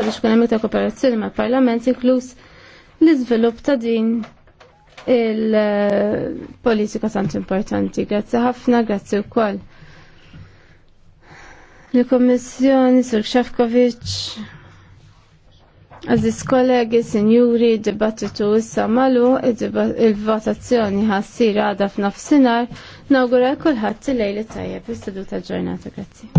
biex kunem ta' kooperazzjoni mal parlament inkluż l-iżvilupp ta' din il-politika tant importanti. Grazzi ħafna, grazzi wkoll. L-Kommissjoni, Sur Xafkovic, Aziz kollegi, sinjuri, dibattitu issa malu, il-votazzjoni ħassir għada f'nofsinar, nawgura kulħadd il-lejli tajjeb, is-seduta ġurnata, grazzi.